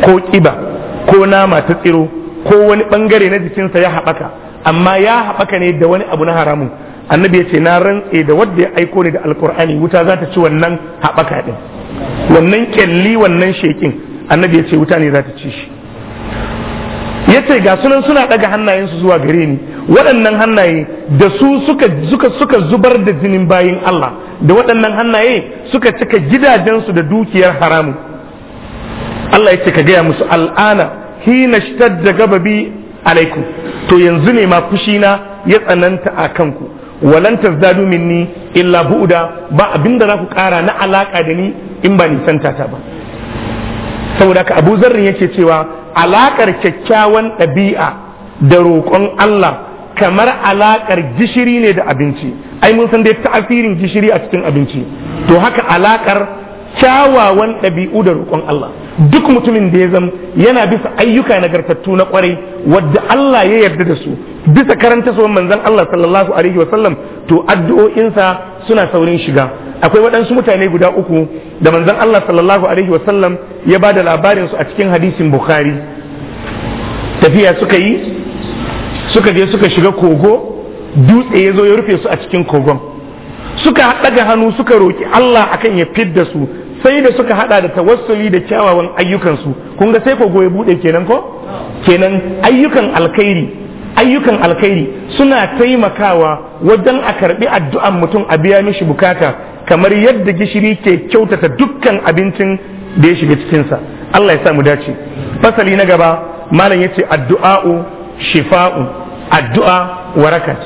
ko ƙiba ko nama ta tsiro ko wani bangare na jikinsa ya haɓaka amma ya haɓaka ne da wani abu na haramun annabi ya ce na rantse da wadda ya aiko ni da alkur'ani wuta za ta ci wannan haɓaka ɗin wannan kyalli wannan shekin annabi ya ce wuta ne za ta ci shi ya ce ga sunan suna ɗaga hannayensu zuwa gare ni waɗannan hannaye da su suka, suka zubar da jinin bayin Allah da waɗannan hannaye suka cika gidajensu da dukiyar haramun Allah ya ce ka gaya musu al'ana hina da gababi alaikum to yanzu ne ma na ya tsananta a kanku walan tazdadu minni illa bu'da ba abinda za ku kara na alaka da ni in ba nisanta ta ba saboda ka Abu Zarrin yake cewa alakar kyakkyawan ɗabi'a da roƙon Allah kamar alakar gishiri ne da abinci ai mun san dai ta'asirin gishiri a cikin abinci to haka alakar kyawawan ɗabi'u da roƙon Allah duk mutumin da ya zama yana bisa ayyuka nagartattu na kwarai wadda Allah ya yarda da su bisa karanta suwan manzon Allah sallallahu alaihi wa sallam to addu'o'insa suna saurin shiga akwai waɗansu mutane guda uku da manzon Allah sallallahu alaihi wa sallam ya ba da labarin su a cikin hadisin Bukhari tafiya suka yi suka je suka shiga kogo dutse ya zo ya rufe su a cikin kogon suka ɗaga hannu suka roki Allah akan ya fidda su sai da suka hada da tawassuli da kyawawan ayyukansu kun ga sai kogo ya bude kenan ko kenan ayyukan alkhairi ayyukan alkhairi suna taimakawa wajen a karbi addu'an mutum a biya mishi bukata kamar yadda gishiri ke kyautata dukkan abincin da ya shiga cikin sa Allah ya sa mu dace fasali na gaba malam yace addu'a'u shifa'u addu'a warakat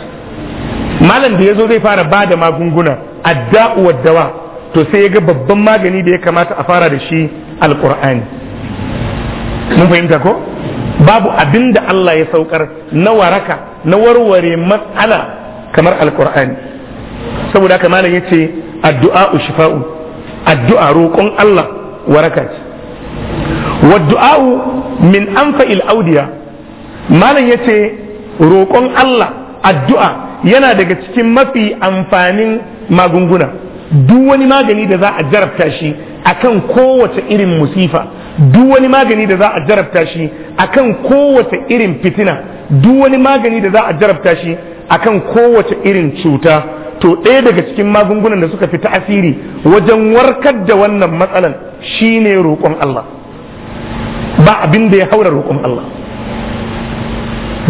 malam da yazo zai fara bada magunguna adda'u wad dawa to sai ya ga babban magani da ya kamata a fara da shi alkur'ani mun fahimta ko babu abin da Allah ya saukar na waraka na warware matsala kamar alkur'ani saboda haka malam yace addu'a shifa'u addu'a roƙon Allah waraka ce wa du'a min anfa'il audiya malam yace roƙon Allah addu'a yana daga cikin mafi amfanin magunguna duk wani magani da za a jarabta shi akan kowace irin musifa duk wani magani da za a jarabta shi akan kowace irin fitina duk wani magani da za a jarabta shi akan kowace irin cuta to ɗaya daga cikin magungunan da suka fi ta'asiri wajen warkar da wannan matsalan shine roƙon Allah ba abin da ya haura roƙon Allah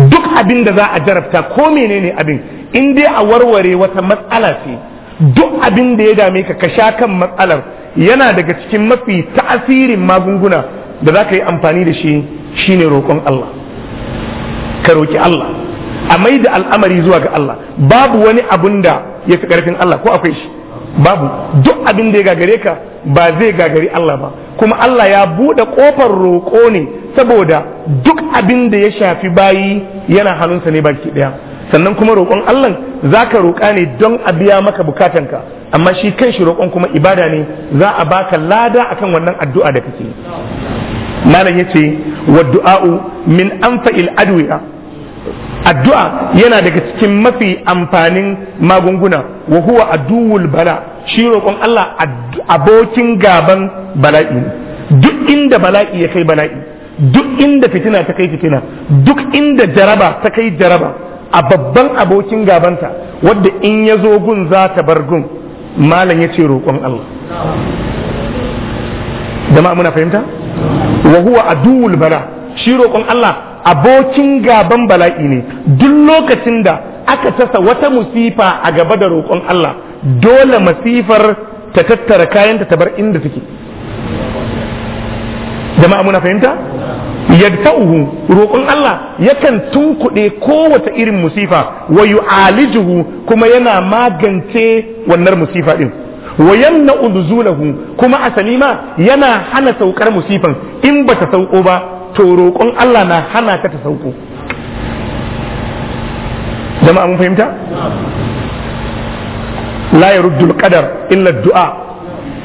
duk abin da za a jarabta ko menene abin in dai a warware wata matsala ce duk abin da ya dame ka ka sha kan matsalar yana daga cikin mafi ta'asirin magunguna da za ka yi amfani da shi shine roƙon Allah ka roƙi Allah a mai da al'amari zuwa ga Allah babu wani abun da ya fi ƙarfin Allah ko akwai shi babu duk abin da ya gagare ka ba zai gagari Allah ba kuma Allah ya buɗe ƙofar roƙo ne saboda duk abin da ya shafi bayi yana hannunsa ne baki ɗaya sannan kuma roƙon Allah zaka roƙa ne don a biya maka bukatanka amma shi kan shi roƙon kuma ibada ne za a baka lada akan wannan addu'a da kake malam yace wa du'a'u min anfa'il adwi'a addu'a yana daga cikin mafi amfanin magunguna wa huwa aduwul bala shi roƙon Allah abokin gaban bala'i duk inda bala'i ya kai bala'i duk inda fitina ta kai fitina duk inda jaraba ta kai jaraba a babban abokin gabanta wadda in ya zo gun za ta bar gun malam ya ce roƙon Allah ma muna fahimta wa huwa duwul bala shi roƙon Allah abokin gaban bala'i ne duk lokacin da aka tasa wata musifa a gaba da roƙon Allah dole masifar ta tattara kayanta ta bar inda take jama'a muna fahimta uhu roƙon Allah yakan tunkuɗe kowace irin musifa wa yu'alijuhu kuma yana magance wannan musifa ɗin wa yamna kuma asali ma yana hana saukar musifan in bata sauko ba to roƙon Allah na hana ta ta sauko jama'a mun fahimta la yaruddu qadar illa du'a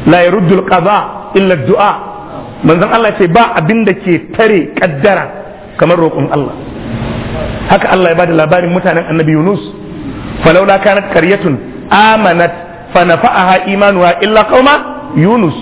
la yaruddu qada illa du'a manzon Allah ce ba abin da ke tare kaddara kamar roƙon Allah haka Allah ya bada labarin mutanen annabi Yunus falaula kanat karyatun amanat fa nafa'aha imanuha illa qauma Yunus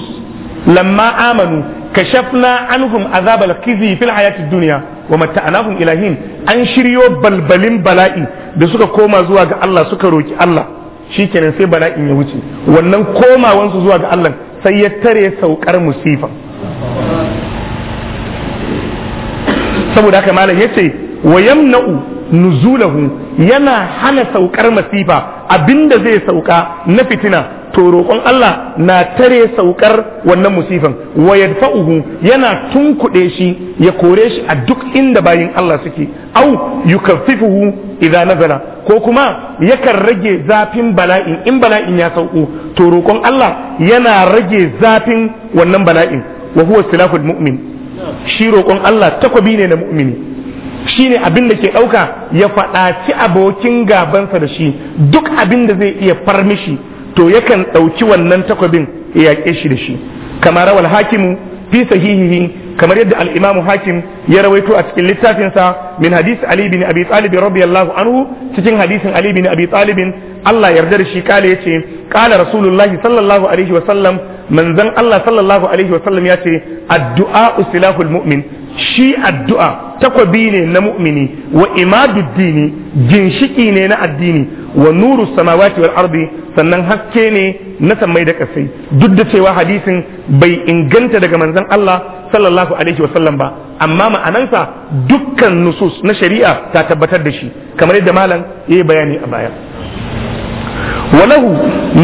lamma amanu kashafna anhum azab al-khizi fil hayati dunya wa matta'nahum ila hin an shiryo balbalin bala'i da suka koma zuwa ga Allah suka roki Allah shikenan sai bala'in ya wuce wannan komawansu zuwa ga Allah sai ya tare saukar musifa saboda haka malam yace wa yamna'u nuzulahu yana hana saukar masifa abinda zai sauka na fitina to roƙon Allah na tare saukar wannan musifan wa yadfa'uhu yana tunkuɗe shi ya kore shi a duk inda bayin Allah suke au yukaffifuhu idan nazala ko kuma yakan rage zafin bala'in in bala'in ya sauko to roƙon Allah yana rage zafin wannan bala'in wa huwa silahul mu'min shi roƙon Allah takobi ne na mu'mini shi ne abin da ke ɗauka ya faɗaci abokin gabansa da shi duk abin da zai iya far mishi to yakan ɗauki wannan takwabin ya yaƙe shi da shi kamar rawal hakimu fi sahihihi kamar yadda al-imamu hakim ya rawaito a cikin littafinsa min hadisi ali bin abi talib radiyallahu anhu cikin hadisin ali bin abi talib Allah yarda da shi kala yace kala rasulullahi sallallahu alaihi wa sallam manzon Allah sallallahu alaihi wa sallam yace addu'a silahul mu'min shi addu'a takwabi ne na mu'mini wa imaduddini ginshiki ne na addini wa nuru samawati wal ardi sannan haske ne na sammai da kasai duk da cewa hadisin bai inganta daga manzon Allah sallallahu alaihi wa sallam ba amma ma'anansa dukkan nusus na shari'a ta tabbatar da shi kamar yadda malam yayi bayani a baya walahu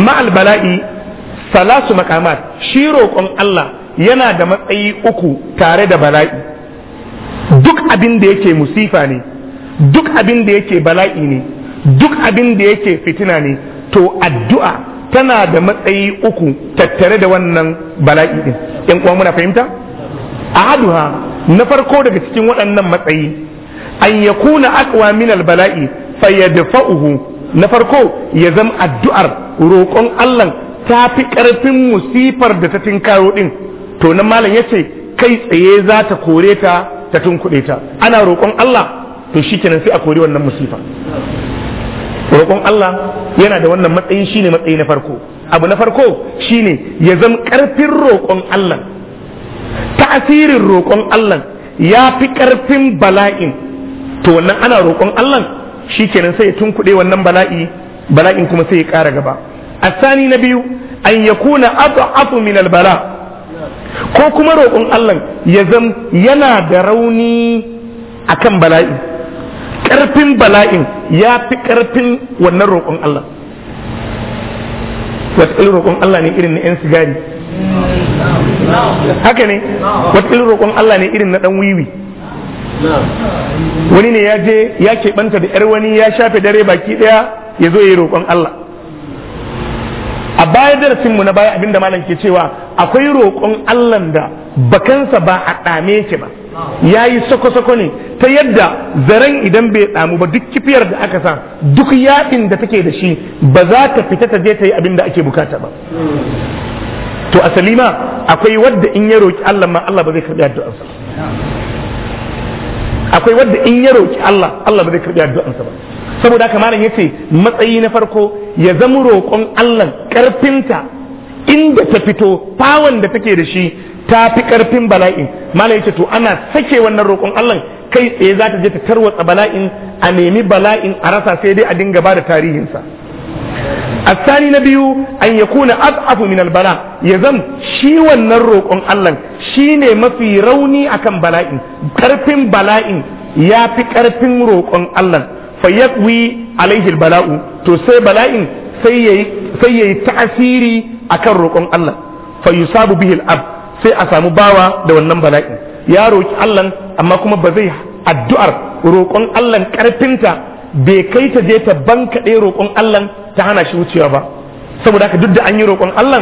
ma'al bala'i salasu makamat shi roƙon Allah yana da matsayi uku tare da bala'i duk abin da yake musifa ne duk abin da yake bala'i ne duk abin da yake fitina ne to addu'a tana da matsayi uku tattare da wannan bala'i din yan uwa muna fahimta ahaduha na farko daga cikin waɗannan matsayi an yakuna aqwa min al bala'i fayadfa'uhu na farko ya zama addu'ar roƙon Allah ta fi ƙarfin musifar da ta tinkaro ɗin to nan malam ya ce kai tsaye za ta kore ta ta tunkuɗe ta ana roƙon Allah to shi kenan sai a kore wannan musifa roƙon Allah yana da wannan matsayin shine matsayi na farko abu na farko shine ya zama ƙarfin roƙon Allah tasirin roƙon Allah ya fi ƙarfin bala'in to wannan ana roƙon Allah Shi nan sai ya tunkuɗe wannan bala'i bala'in kuma sai ya ƙara gaba a sani na biyu an yakuna adhafu min albala ko kuma roƙon Allah ya zam yana da rauni akan bala'i ƙarfin bala'in ya fi ƙarfin wannan roƙon Allah wata roƙon Allah ne irin na 'yan sigari haka ne wata roƙon Allah ne irin na ɗan wiwi wani ne ya je ya keɓanta da yar wani ya shafe dare baki ɗaya ya zo yi roƙon Allah a baya darasinmu na baya abinda malam ke cewa akwai roƙon Allah da bakansa ba a ɗame ki ba ya yi sako-sako ne ta yadda zaren idan bai ɗamu ba duk kifiyar da aka sa duk yaɗin da take da shi ba za ta fita ta je ta yi abin da ake bukata ba to asali ma akwai wadda in ya roƙi Allah ma Allah ba zai karɓi addu'arsa akwai wadda in ya roki Allah Allah ba zai karbi addu'ansa ba saboda haka malam yace matsayi na farko ya zama roƙon Allah karfinta inda ta fito fawon da take da shi ta fi karfin bala'in malam yace to ana sake wannan roƙon Allah kai tsaye za ta je ta tarwatsa bala'in a nemi bala'in a rasa sai dai a dinga ba da tarihinsa الثاني نبيو أن يكون أضعف من البلاء يزم شي wannan roƙon Allah Shi ne mafi rauni akan bala'in karfin bala'in ya fi karfin roƙon Allah fayyakwi alaihi bala'u to sai bala'in sai yayi tasiri akan roƙon Allah yusabu bihil ab sai a samu bawa da wannan bala'in ya roƙi Allah amma kuma ba zai addu'ar roƙon Allah karfinta bai kai ta je ta bankaɗe roƙon Allah ta hana shi wucewa ba saboda haka duk da an yi roƙon Allah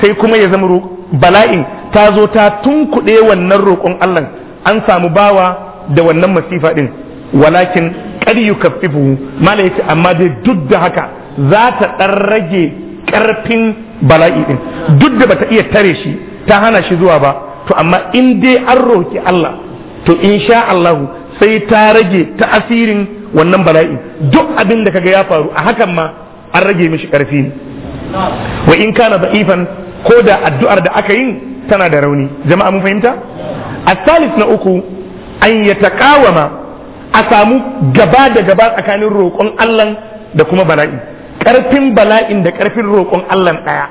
sai kuma ya zama bala'i ta zo ta tunkuɗe wannan roƙon Allah an samu bawa da wannan masifa ɗin. walakin kar yukaffifu mala yace amma dai duk da haka za ta ɗan rage ƙarfin bala'i ɗin, duk da bata iya tare shi ta hana shi zuwa ba to amma in dai an roki Allah to insha Allah sai ta rage ta asirin wannan bala'i duk abin da kaga ya faru a hakan ma an rage mishi ƙarfi wa in kana da'ifan ko da addu'ar da aka yi tana da rauni jama'a mun fahimta A salis na uku an ya taƙawama a samu gaba da gaba tsakanin roƙon Allah da kuma bala'i ƙarfin bala'in da ƙarfin roƙon Allah ɗaya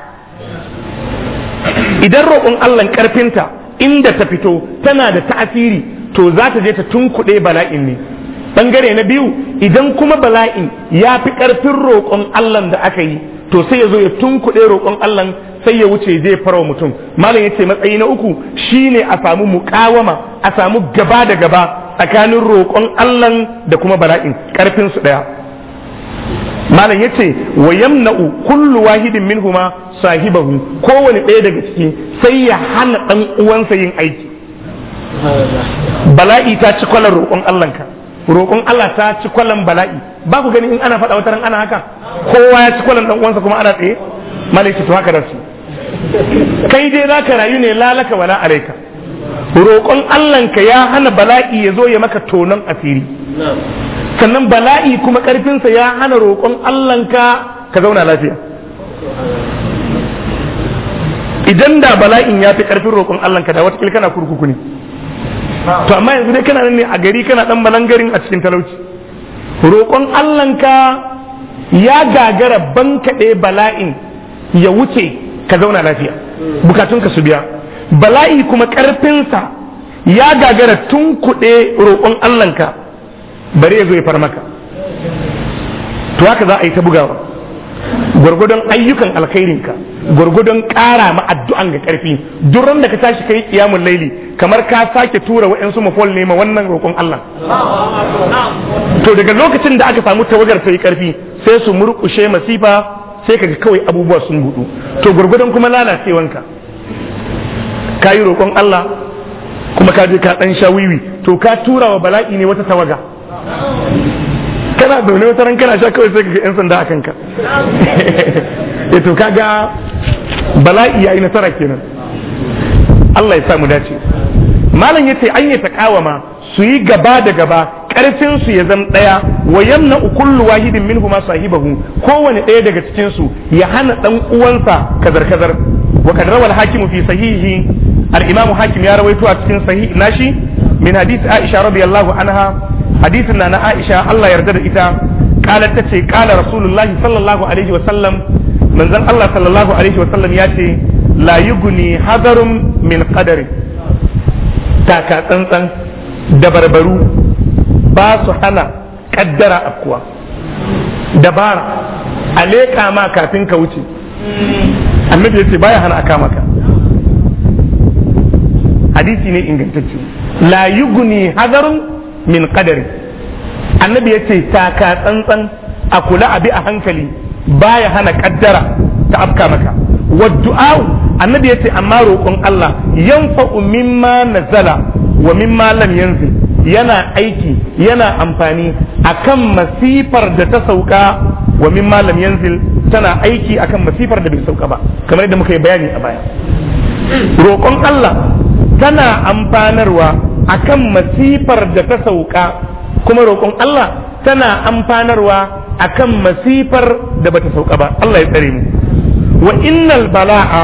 idan roƙon Allah ƙarfinta inda ta fito tana da ta'asiri to za ta je ta tunkuɗe bala'in ne bangare na biyu idan kuma bala'in ya fi ƙarfin roƙon Allah da aka yi to sai ya zo ya tunkuɗe roƙon Allah sai ya wuce zai farawa mutum malam yace matsayi na uku shine a samu muƙawama a samu gaba da gaba tsakanin roƙon Allah da kuma bala'in karfin su daya malam yace wa yamna'u kullu wahidin minhuma sahibahu kowane ɗaya daga ciki sai ya hana ɗan uwansa yin aiki bala'i ta ci kwalar roƙon Allah ka roƙon Allah ta ci kwalan bala'i ba ku gani in ana faɗa wata ana haka kowa ya ci kwalan dan uwansa kuma ana tsaye malaiki to haka rasu kai dai ka rayu ne lalaka wala alaika roƙon Allahnka ya hana bala'i ya zo ya maka tonon asiri sannan bala'i kuma ƙarfinsa ya hana roƙon Allahnka ka zauna lafiya idan da bala'in ya fi ƙarfin roƙon Allahnka da watakil kana kurkuku ne to amma yanzu dai kana nan ne a gari kana ɗan balangarin a cikin talauci roƙon allanka ya gagara bankaɗe bala'in ya wuce ka zauna lafiya bukatun ka su biya bala'i kuma ƙarfinsa ya gagara tun kuɗe roƙon allanka bari ya zo ya far maka to haka za a yi ta bugawa gwargwadon ayyukan alkhairinka gwargwadon kara ma addu'an ga karfi duk da ka tashi kai kiyamul laili kamar ka sake tura wa'ansu mafol ne ma wannan roƙon Allah to daga lokacin da aka samu tawagar ta yi ƙarfi sai su murƙushe masifa sai kaga kawai abubuwa sun gudu to gwargwadon kuma lalacewanka ka yi roƙon Allah kuma ka je ka ɗan sha wiwi to ka tura wa bala'i ne wata tawaga kana zaune wata ran kana sha kawai sai ka yan sanda a kanka eh, ya to kaga bala'i yayi nasara kenan Allah ya samu dace malam yace an yi takawama su yi gaba da gaba karfin su ya zama daya wa yamna kullu wahidin minhuma sahibahu kowane daya daga cikin su ya hana dan uwansa kazar kazar wa kad rawal hakimu fi sahihi al imam hakim ya rawaito a cikin sahihi nashi min hadith aisha radiyallahu anha hadisin na na Aisha Allah yarda da ita kalar ta ce kala rasulullahi sallallahu alaihi wasallam manzon Allah sallallahu alaihi wasallam ya ce la yuguni hadarun min qadari taka tsantsan da barbaru ba su hana kaddara afkuwa dabara a leka ma kafin ka wuce annabi ya ce baya hana aka maka hadisi ne ingantacce la yuguni hadarun min qadari annabi yace taka tsantsan a kula abi a hankali baya hana kaddara ta afka maka wa du'a annabi yace amma roƙon Allah yanfa'u mimma nazala wa mimma lam yanzil yana aiki yana amfani akan masifar da ta sauka wa mimma lam yanzil tana aiki akan masifar da bai sauka ba kamar yadda muka yi bayani a baya roƙon Allah tana amfanarwa akan masifar da ta sauka kuma roƙon Allah tana amfanarwa akan masifar da bata sauka ba Allah ya tsare mu wa innal bala'a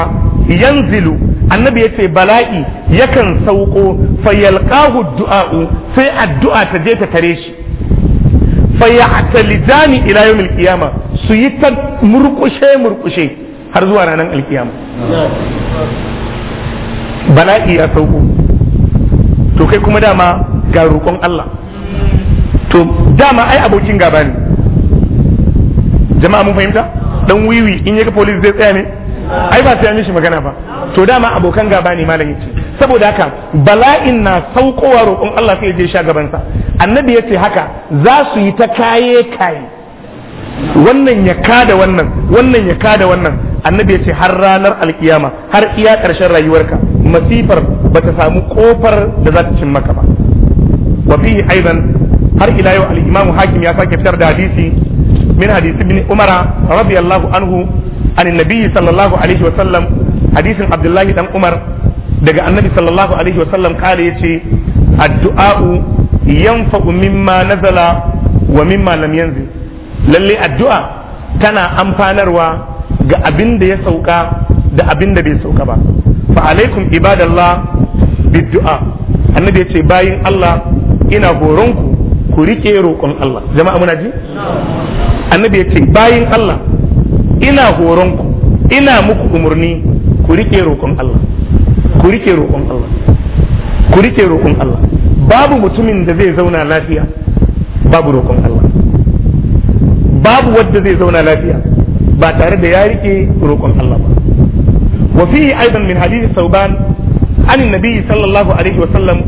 yanzilu annabi yace bala'i yakan sauko fayalqahu du'a'u sai addu'a ta je ta tare shi fayatalizani ila yawmil qiyama su yi ta murkushe murkushe har zuwa ranar alkiyama bala'i ya sauko to kai kuma dama ga roƙon Allah to dama ai abokin gaba ne jama'a mun fahimta dan wiwi in yaga police zai tsaya ne ai ba sai an shi magana ba to dama abokan gaba ne malam yace saboda haka bala'in na saukowa roƙon Allah sai ya je sha sa annabi yace haka za su yi ta kaye kaye wannan ya kada wannan wannan ya kada wannan annabi ya ce har ranar alkiyama har iya karshen rayuwarka masifar ba ta samu kofar da za ta cin maka ba wa fihi aidan har ila yau al-imamu hakim ya sake fitar da hadisi min hadisi ibn umara radiyallahu anhu an annabi sallallahu alaihi wa sallam hadisin abdullahi dan umar daga annabi sallallahu alaihi wa sallam kale yace addu'a yanfa'u mimma nazala wa mimma lam yanzil lalle addu'a tana amfanarwa ga abin da ya sauka da abin da bai sauka ba fa alaikum ibadallah biddu'a annabi yace bayin Allah ina horonku ku rike roƙon Allah jama'a muna ji annabi yace bayin Allah ina horonku ina muku umurni ku rike roƙon Allah ku rike roƙon Allah ku rike roƙon Allah babu mutumin da zai zauna lafiya babu roƙon Allah babu wanda zai zauna lafiya ba tare da ya rike roƙon Allah ba wa fihi aidan min hadith sauban an annabi sallallahu alaihi wa sallam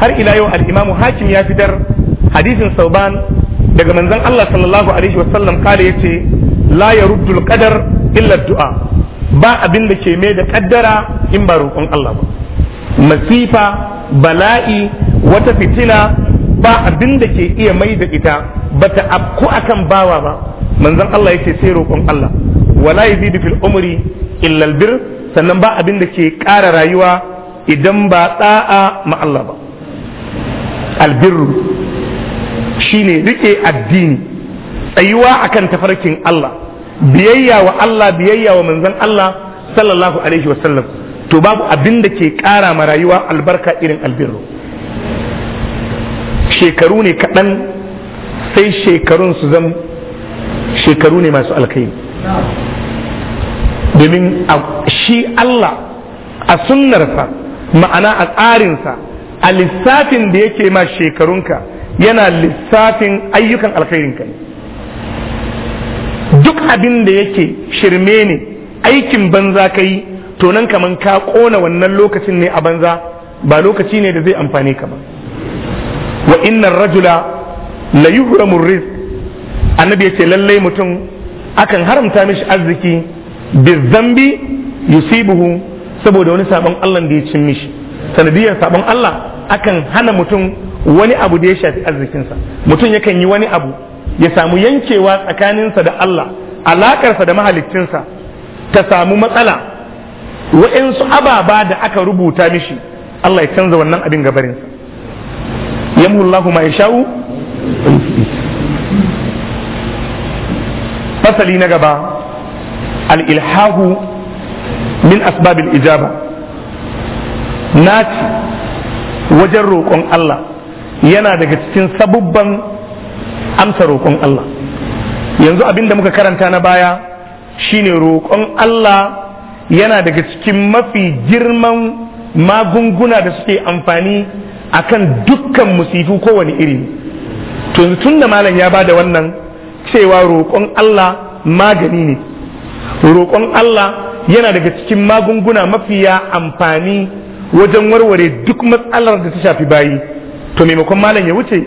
har ila yau al hakim ya fitar hadisin sauban daga manzon Allah sallallahu alaihi wa sallam kale yace la yaruddul qadar illa du'a ba abin da ke mai da kaddara in ba roƙon Allah ba masifa bala'i wata fitina ba abin da ke iya mai da ita bata abku akan bawa ba manzon Allah yake sai roƙon Allah wala yazidu fil umri illa albir sannan ba abin da ke ƙara rayuwa idan ba tsa'a ma Allah ba albirru shine rike addini tsayuwa akan tafarkin Allah biyayya wa Allah biyayya wa manzan Allah sallallahu alaihi wasallam to babu abin da ke ƙara ma rayuwa albarka irin albirru shekaru ne kaɗan sai shekarun su zan shekaru ne masu alkai domin shi Allah a sunnarsa ma'ana a tsarinsa a lissafin da yake ma shekarunka yana lissafin ayyukan alkhairinka ne duk abin da yake shirme ne aikin banza ka yi to nan kaman ka kona wannan lokacin ne a banza ba lokaci ne da zai amfane ka ba wa rajula la yuhramu rizq annabi yace lallai mutum akan haramta mishi arziki bi zambi yusibuhu saboda wani sabon Allah da ya cin mishi sanadiyar sabon Allah akan hana mutum wani abu da ya shafi arzikinsa mutum yakan yi wani abu ya samu yankewa tsakaninsa da Allah alakarsa da mahaliccinsa ta samu matsala wa'insu ababa da aka rubuta mishi Allah ya canza wannan abin gabarinsa yamhu Allahu ma yasha'u fasali na gaba al-ilhahu min asbabil ijaba naci wajen roƙon Allah yana daga cikin sabubban amsa roƙon Allah yanzu abin da muka karanta na baya shine roƙon Allah yana daga cikin mafi girman magunguna da suke amfani akan dukkan musifu kowane iri to tunda malam ya bada wannan cewa roƙon Allah magani ne roƙon Allah yana daga cikin magunguna mafiya amfani wajen warware duk matsalar da ta shafi bayi to maimakon malam ya wuce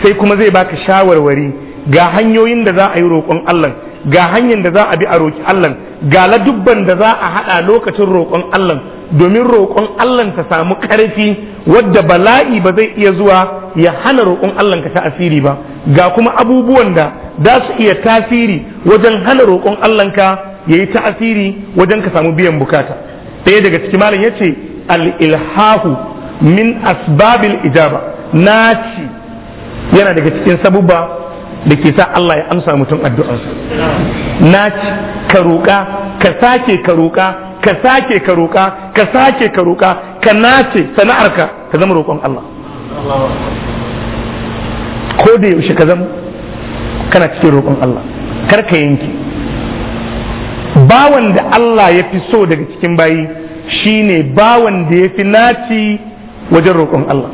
sai kuma zai baka shawarwari ga hanyoyin da za a yi roƙon Allah ga hanyar da za a bi a roƙi Allah ga ladubban da za a haɗa lokacin roƙon Allah domin roƙon Allah ta samu ƙarfi wadda bala'i ba zai iya zuwa ya hana roƙon Allah ka ta'asiri ba ga kuma abubuwan da za su iya tasiri wajen hana roƙon Allah ka yi ta'asiri wajen ka samu biyan bukata ɗaya daga cikin malam yace al-ilhahu min asbabil ijaba naci yana daga cikin sabubba da ke sa Allah ya amsa mutum addu'arsa naci ka roƙa ka sake ka roƙa ka sake ka roƙa ka sake ka roƙa ka nace sana'arka ka zama roƙon Allah ko da yaushe ka zama kana cikin roƙon Allah kar ka yanke bawan da Allah ya fi so daga cikin bayi shine bawan da ya fi naci wajen roƙon Allah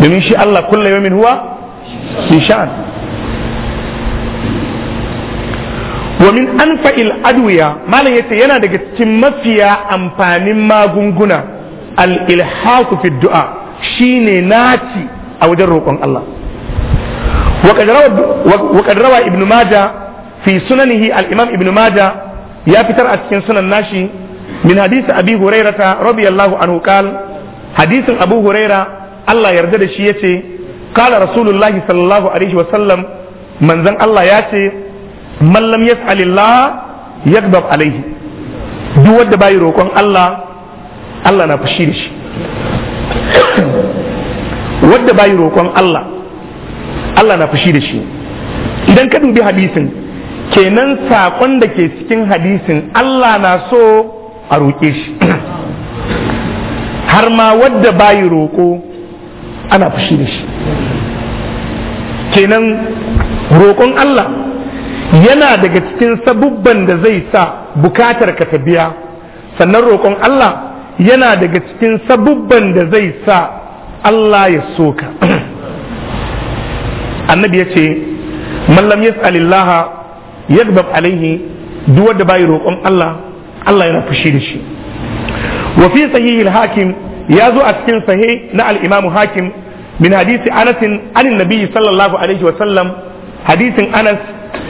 domin shi Allah kulla yamin huwa bi sha'an wa min fa'il adwiya malam yace yana daga cikin mafiya amfanin magunguna al fi du'a shine naci a wajen roƙon Allah wa Ibn rawa ibnu maja fi sunanihi al imam ibnu maja ya fitar a cikin sunan nashi min hadisi abi hurairata radiyallahu anhu qal hadisin abu huraira Allah yarda da shi yace kala rasulullahi sallallahu alaihi wa sallam manzon Allah ya ce mallam yas'alillah yakdab alaihi duk wanda bai roƙon Allah Allah na fushi da shi wanda bai roƙon Allah Allah na fushi da shi idan ka dubi hadisin kenan saƙon da ke cikin hadisin Allah na so a roƙe shi har ma wadda bayi roƙo ana fushi da shi kenan roƙon Allah yana daga cikin sabubban da zai sa bukatar ka ta biya sannan roƙon Allah yana daga cikin sabubban da zai sa Allah ya so ka annabi ya ce mallam ya yaghdab alaihi duk wanda bai roƙon Allah Allah yana fushi da shi wa fi sahihil hakim ya zo a cikin sahih na al-imamu hakim min hadisi Anas an nabi sallallahu alaihi wa sallam hadisin Anas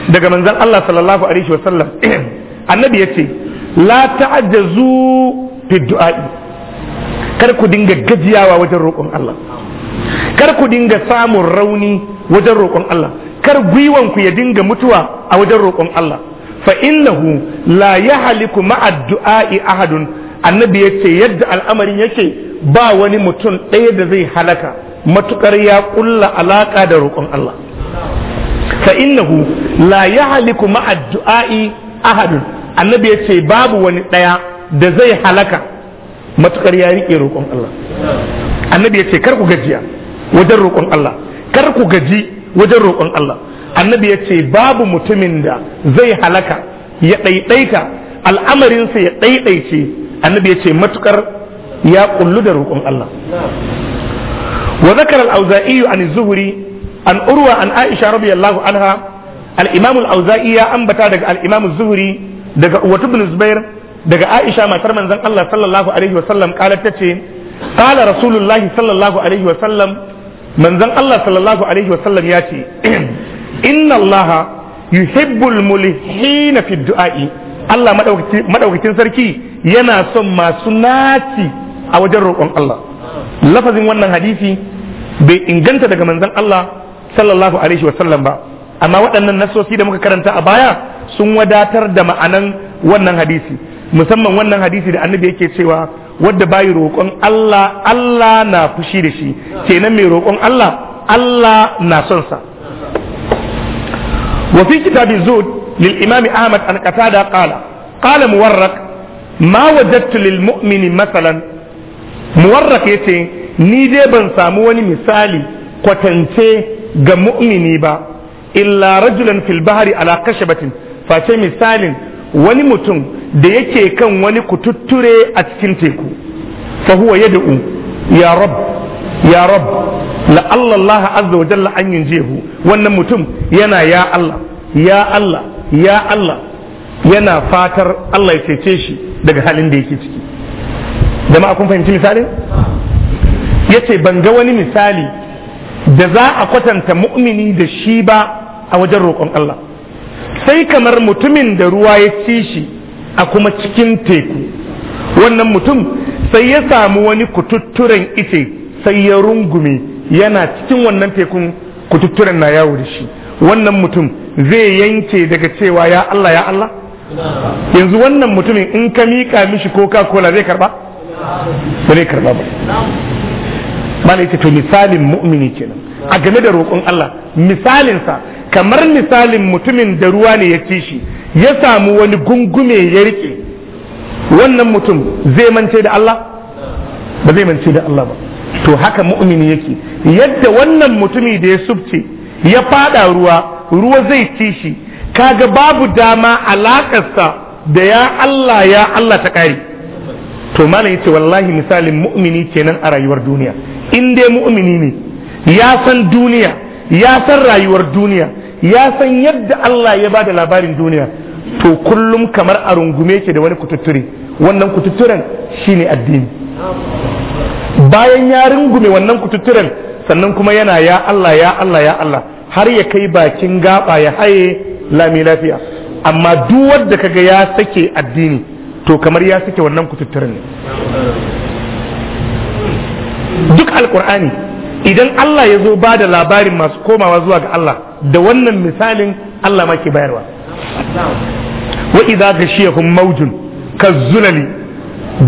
daga manzon Allah sallallahu alaihi wasallam annabi yace la ta'ajjazu fi du'a'i kar ku dinga gajiyawa wajen roƙon Allah kar ku dinga samun rauni wajen roƙon Allah kar gwiwanku ya dinga mutuwa a wajen roƙon Allah fa innahu la yahliku ma'a du'a'i ahadun annabi yace yadda al'amarin yake ba wani mutum ɗaya da zai halaka matukar ya kulla alaka da roƙon Allah fa innahu la yahliku ma'a du'a'i ahadun annabi ya ce babu wani da zai halaka matukar ya riƙe roƙon Allah annabi ya ce kar ku gajiya wajen roƙon Allah kar ku gaji wajen roƙon Allah annabi ya ce babu mutumin da zai halaka ya ɗaiɗaita al'amarinsa ya ɗaiɗaice annabi ya ce matukar ya kullu da roƙon Allah wa zakar al-auza'i an zuhuri an urwa an aisha radiyallahu anha al-imam al-auza'i ya ambata daga al-imam az-zuhri daga uwatu ibn zubair daga aisha matar manzon Allah sallallahu alaihi wa sallam kalat tace qala rasulullahi sallallahu alaihi wa sallam manzon Allah sallallahu alaihi wa sallam ya ce inna Allah yuhibbul mulhina fi du'a'i Allah madaukakin sarki yana son masu naci a wajen roƙon Allah lafazin wannan hadisi bai inganta daga manzon Allah sallallahu alaihi wasallam ba amma waɗannan nasosi da muka karanta a baya sun wadatar da ma'anan wannan hadisi musamman wannan hadisi da annabi yake cewa wadda bayi roƙon Allah Allah na fushi da shi kenan mai roƙon Allah Allah na son sa wa fi kitabin zuhd lil imami ahmad an qatada qala qala muwarraq ma wajadtu lil mu'mini masalan muwarraq yace ni dai ban samu wani misali kwatance ga mu'mini ba illa rajulan fil bahri ala kashabatin face misalin wani mutum da yake kan wani kututture a cikin teku fa huwa yad'u ya rab ya rab la Allah azza wa jalla an yunjihu wannan mutum yana ya Allah ya Allah ya Allah yana fatar Allah ya cece shi daga halin da yake ciki jama'a kun fahimci misalin yace ban ga wani misali da za a kwatanta mu'mini da shi ba a wajen roƙon Allah sai kamar mutumin da ruwa ya ci shi a kuma cikin teku wannan mutum sai ya samu wani kututturen ice sai ya rungume yana cikin wannan tekun kututturen na yawo da shi wannan mutum zai yanke daga cewa ya Allah ya Allah yanzu wannan mutumin in ka miƙa mishi coca cola zai karba ba zai karba ba ba to misalin mu'mini kenan a game da roƙon Allah misalinsa kamar misalin mutumin da ruwa ne ya ci shi ya samu wani gungume ya rike wannan mutum zai mance da Allah ba zai mance da Allah ba to haka mu'mini yake yadda wannan mutumi da ya subce ya fada ruwa ruwa zai ci shi kaga babu dama alakarsa da ya Allah ya Allah ta kare to malam yace wallahi misalin mu'mini kenan a rayuwar duniya in dai mu'mini ne ya san duniya ya san rayuwar duniya ya san yadda Allah ya bada labarin duniya to kullum kamar a rungume ke da wani kututture wannan kututturen shine addini bayan ya rungume wannan kututturen sannan kuma yana ya Allah ya Allah ya Allah har ya kai bakin gaba ya haye lami lafiya amma duk wanda kaga ya sake addini to kamar ya sake wannan kututturen ne duk alkur'ani idan Allah ya zo ba da labarin masu komawa zuwa ga Allah da wannan misalin Allah ma ke bayarwa wa idza gashiyahum mawjun kazzulali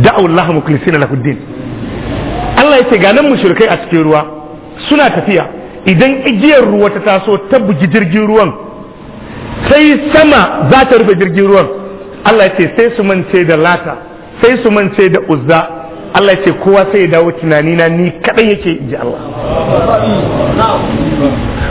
da'u Allah muklisina na din Allah yace ga nan mushrikai a cikin ruwa suna tafiya idan igiyar ruwa ta taso ta bugi jirgin ruwan sai sama za ta rufe jirgin ruwan Allah yace sai su mance da lata sai su mance da uzza Allah ce kowa sai ya dawo tunani na ni kaɗai yake in ji Allah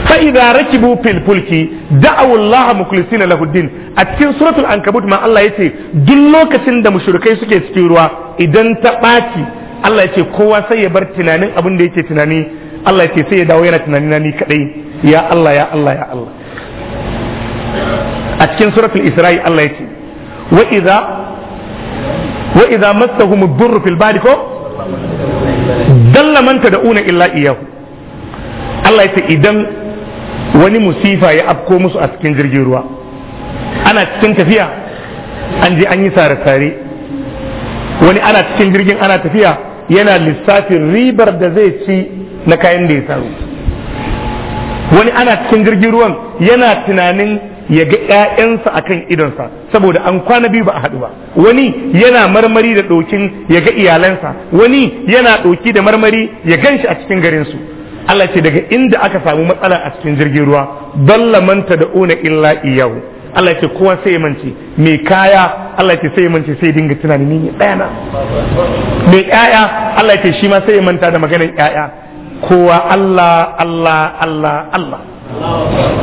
fa idza rakibu fil fulki da'u Allah mukhlisina lahu din a cikin suratul ankabut ma Allah yace duk lokacin da mushrikai suke cikin ruwa idan ta ɓaci Allah yace kowa sai ya bar tunanin abin da yake tunani Allah yace sai ya dawo yana tunani na ni kadai ya Allah ya Allah ya Allah a cikin suratul isra'i Allah yace wa idza wa idza massahum ad-durru fil bari ko dalla man tad'una illa iyyahu Allah yace idan wani musifa ya afko musu a cikin jirgin ruwa ana cikin tafiya an je an yi sare-sare wani ana cikin jirgin ana tafiya yana lissafin ribar da zai ci na kayan da ya saru wani ana cikin jirgin ruwan yana tunanin ya ga a kan idonsa saboda an kwana biyu ba a haɗu ba wani yana marmari da ɗokin ya ga iyalansa wani yana ɗoki da marmari ya gan shi a cikin garinsu Allah ce daga inda aka samu matsala a cikin jirgin ruwa balla manta da una illa iyahu Allah ce kowa sai ya mance mai kaya Allah ce sai ya mance sai dinga tunani ni ɗaya na mai ƴaƴa Allah ce shi ma sai manta da maganar ƴaƴa kowa Allah Allah Allah Allah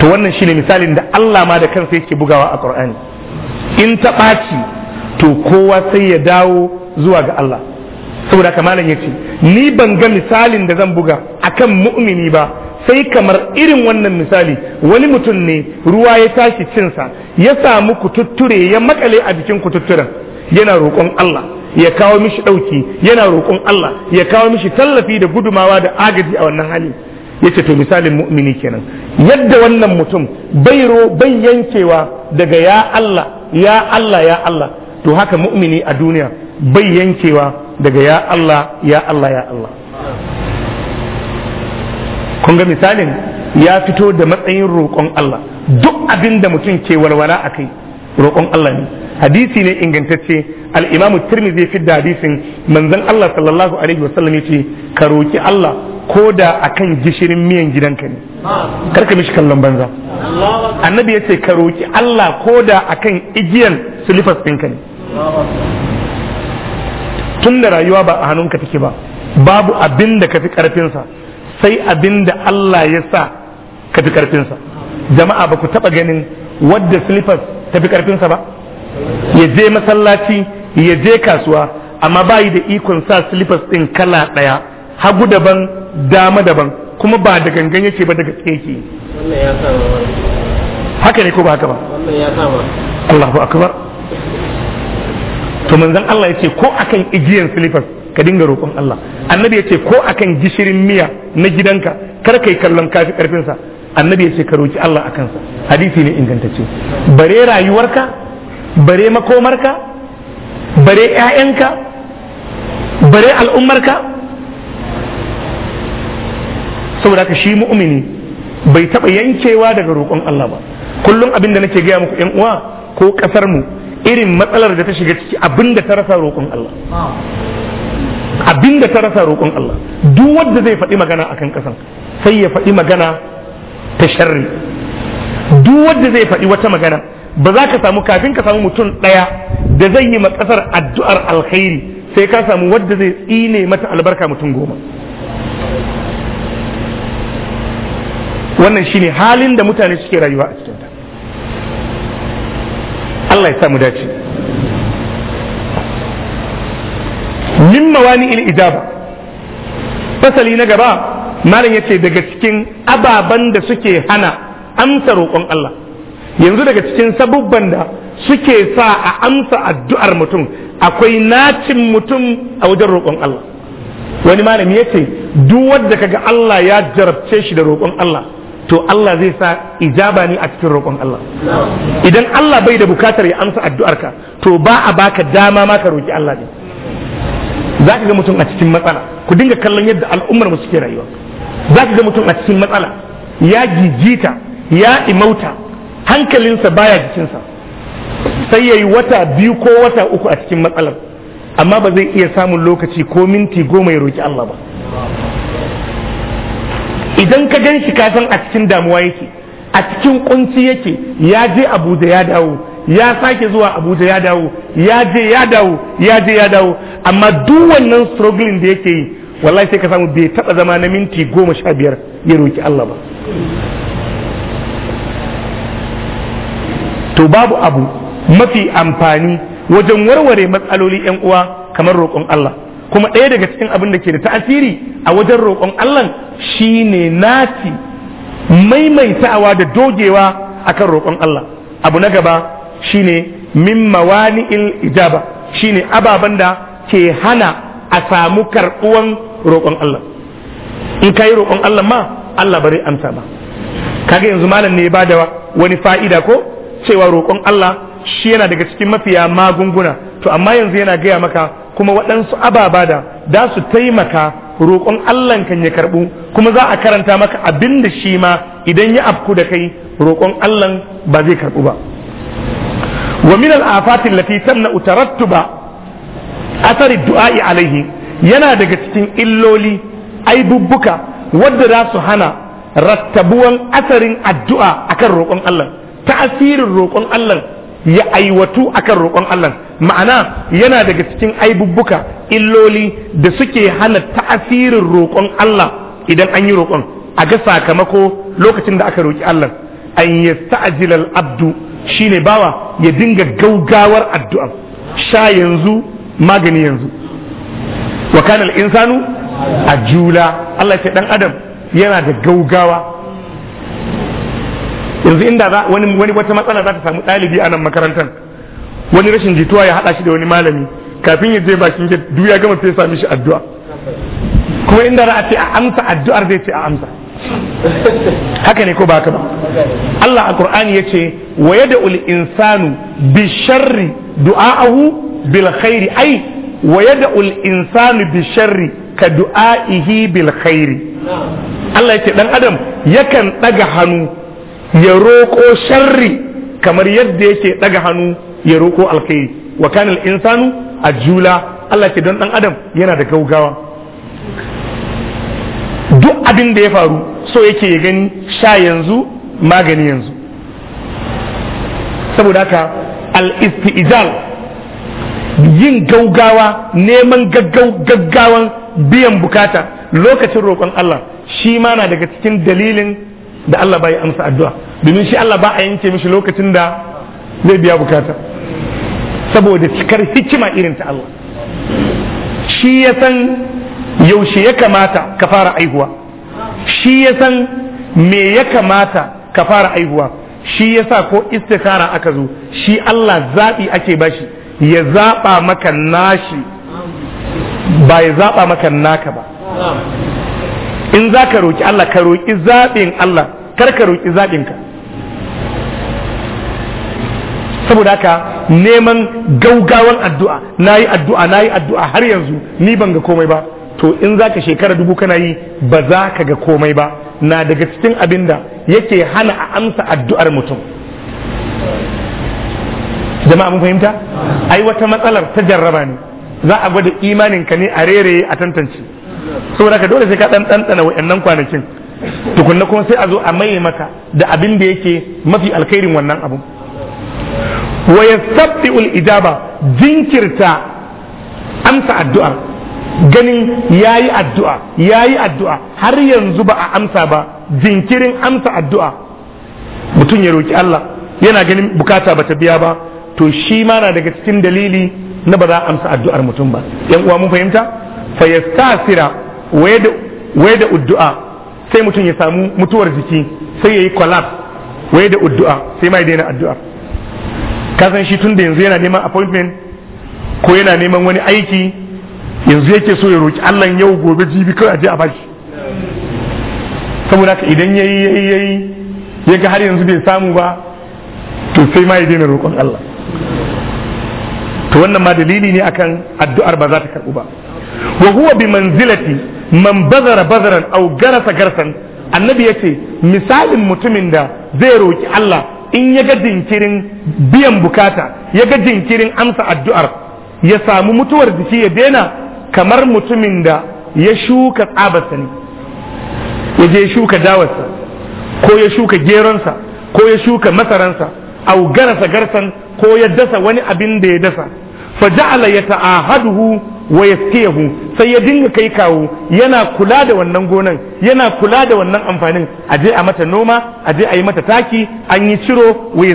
to wannan shine misalin da Allah ma da kansa yake bugawa a Qur'ani in ta ɓaci to kowa sai ya dawo zuwa ga Allah saboda haka malam ce ni ban ga misalin da zan buga akan mu'mini ba sai kamar irin wannan misali wani mutum ne ruwa ya tashi cinsa ya samu kututture ya makale a jikin kututturen yana roƙon Allah ya kawo mishi ɗauki yana roƙon Allah ya kawo mishi tallafi da gudumawa da agaji a wannan hali yace to misalin mu'mini kenan yadda wannan mutum bairo bai yankewa daga ya Allah ya Allah ya Allah to haka mu'mini a duniya bai yankewa daga ya Allah ya Allah ya Allah kun ga misalin ya fito da matsayin roƙon Allah duk abin da mutum ke walwala a kai roƙon Allah ne hadisi ne ingantacce al-imam tirmidhi fi hadisin manzon Allah sallallahu alaihi wasallam yace ka roki Allah ko da akan gishirin miyan gidanka ne karka mishi kallon banza annabi ya ce ka roki Allah ko da akan igiyan silifas ɗinka ne tun da rayuwa ba a hannunka take ba babu abin da ka fi ƙarfinsa sai abin da Allah ya sa ka fi ƙarfinsa jama'a ba ku taɓa ganin wadda silifas ta fi ƙarfinsa ba ya je masallaci ya je kasuwa amma ba yi da ikon sa silifas ɗin kala ɗaya hagu daban dama daban kuma ba da gangan yake ba daga keke haka ne ko ba haka ba Allahu akbar to manzon Allah yace ko akan igiyan silifas ka dinga roƙon Allah annabi yace ko akan gishirin miya na gidanka kar kai kallon kafi karfin sa annabi yace ka roki Allah akan sa hadisi ne ingantacce bare rayuwarka bare makomarka bare ƴaƴanka bare al'ummarka saboda ka shi mu'mini bai taɓa yankewa daga roƙon Allah ba kullum abin da nake gaya muku ƴan uwa ko ƙasar mu irin matsalar da ta shiga ciki abin da ta rasa roƙon Allah abin da ta rasa roƙon Allah duk wanda zai faɗi magana akan ƙasan sai ya faɗi magana ta sharri duk wanda zai faɗi wata magana ba za ka samu kafin ka samu mutum ɗaya da zai yi ma ƙasar addu'ar alkhairi sai ka samu wadda zai tsine mata albarka mutum goma wannan shine halin da mutane suke rayuwa a cikinta Allah ya samu dace min mawani il ijaba fasali na gaba malam yace daga cikin ababan da suke hana amsa roƙon Allah yanzu daga cikin sabubban da suke sa a amsa addu'ar mutum akwai nacin mutum a wajen roƙon Allah wani malami yace ce duk wadda kaga Allah ya jarabce shi da roƙon Allah to Allah zai sa ijaba ne a cikin roƙon Allah idan Allah bai da bukatar ya amsa addu'arka to ba a baka dama ma ka roƙi Allah ne za ka ga mutum a cikin matsala ku dinga kallon yadda al'ummar mu suke rayuwa za ka ga mutum a cikin matsala ya gigita ya imauta hankalinsa baya jikinsa sai yayi wata biyu ko wata uku a cikin matsalar amma ba zai iya samun lokaci ko minti goma ya roƙi Allah ba idan ka gan shi kasan a cikin damuwa yake a cikin kunci yake ya je abuja ya dawo ya sake zuwa abuja ya dawo ya je ya dawo ya je ya dawo amma duk wannan struggling da yake yi wallahi sai ka samu bai taba zama na minti goma sha biyar ya roki Allah ba to babu abu mafi amfani wajen warware matsaloli 'yan uwa kamar roƙon Allah kuma ɗaya daga cikin abin da ke da ta'asiri a wajen roƙon Allah shine naci maimaitawa da dogewa akan roƙon Allah abu na gaba shine min mawani'il ijaba shine ababen da ke hana a samu karɓuwan roƙon Allah in ka yi roƙon Allah ma Allah bari amsa ba kaga yanzu malam ne ba da wani fa'ida ko cewa roƙon Allah shi yana daga cikin mafiya magunguna to amma yanzu yana gaya maka kuma waɗansu ababa da da su taimaka roƙon Allah kan ya karɓu kuma za a karanta maka abin da shi ma idan ya afku da kai roƙon Allah ba zai karɓu ba wa min al-afatin lati tamna utarattuba athari du'a'i alaihi yana daga cikin illoli aibubbuka wadda za su hana rattabuwan asarin addu'a akan roƙon Allah ta'asirin roƙon Allah ya aiwatu akan roƙon Allah ma'ana yana daga cikin aibubbuka illoli da suke hana ta'asirin roƙon Allah idan an yi roƙon a ga sakamako lokacin da aka roƙi Allah an ta'ajil al-abdu shine bawa ya dinga gaugawar addu'a sha yanzu magani yanzu wa kana al-insanu ajula Allah ya dan adam yana da gaugawa yanzu inda wani wata matsala za ta samu ɗalibi a nan makarantar wani rashin jituwa ya haɗa shi da wani malami kafin ya je bakin gate duk ya gama sai sami shi addu'a kuma inda za a ce a amsa addu'ar zai ce a amsa haka ne ko ba haka ba Allah a Qur'ani ya ce wa yad'ul insanu bi sharri du'a'ahu bil khairi ai wa yad'ul insanu bi sharri ka du'a'ihi bil khairi Allah ya ce dan adam yakan daga hannu ya roko sharri kamar yadda yake daga hannu ya roko alkhairi wa kana al-insanu ajula Allah ke don dan adam yana da gaugawa duk abin da ya faru so yake ya gani sha yanzu magani yanzu saboda haka al-istijal yin gaugawa neman gaggawan biyan bukata lokacin roƙon Allah shi ma na daga cikin dalilin da Allah ba ya amsa addu'a domin shi Allah ba a yanke mishi lokacin da zai biya bukata saboda cikar hikima irin ta Allah shi ya san yaushe ya kamata ka fara aihuwa shi ya san me ya kamata ka fara aihuwa shi ya sa ko istikhara aka zo shi Allah zaɓi ake bashi ya zaɓa maka nashi ba ya zaɓa maka naka ba in za ka roƙi Allah ka roƙi zaɓin Allah kar ka roƙi zaɓinka saboda haka neman gaugawan addu'a na yi addu'a na yi addu'a har yanzu ni ban ga komai ba to in zaka shekara dubu kana yi ba za ka ga komai ba na daga cikin abin da yake hana a amsa addu'ar mutum jama'a mun fahimta ai wata matsalar ta jarraba ne za a gwada imanin ka ne a rere a tantance saboda ka dole sai ka dan ɗanɗana kwanakin tukunna kuma sai a zo a maye maka da abin da yake mafi alkhairin wannan abu wa yastabdi'ul ijaba jinkirta amsa addu'ar ganin yayi addu'a yayi addu'a har yanzu ba a amsa ba jinkirin amsa addu'a mutum ya roki Allah yana ganin bukata ba ta biya ba to shi ma na daga cikin dalili na ba za a amsa addu'ar mutum ba yan uwa mun fahimta fa yastasira wa da uddu'a sai mutum ya samu mutuwar jiki sai yayi collapse wa da uddu'a sai ma ya daina addu'ar ka san shi tun da yanzu yana neman appointment ko yana neman wani aiki yanzu yake so ya roki Allah yau gobe jibi kawai aje a bashi saboda haka idan yayi yayi yayi ya ga har yanzu bai samu ba to sai ma ya daina roƙon Allah to wannan ma dalili ne akan addu'ar ba za ta karɓu ba wa huwa bi manzilati man bazara bazaran au garasa garsan annabi yace misalin mutumin da zai roki Allah in ya ga jinkirin biyan bukata ya ga jinkirin amsa addu'ar ya samu mutuwar jiki ya daina kamar mutumin da ya shuka tsabarsa ne ya je shuka dawarsa ko ya shuka geronsa ko ya shuka masaransa au garasa garsan ko ya dasa wani abin da ya dasa fa ja'ala ta'ahaduhu wa sai ya dinga kai kawo yana kula da wannan gonan yana kula da wannan amfanin a je a mata noma a je a yi mata taki an yi ciro wa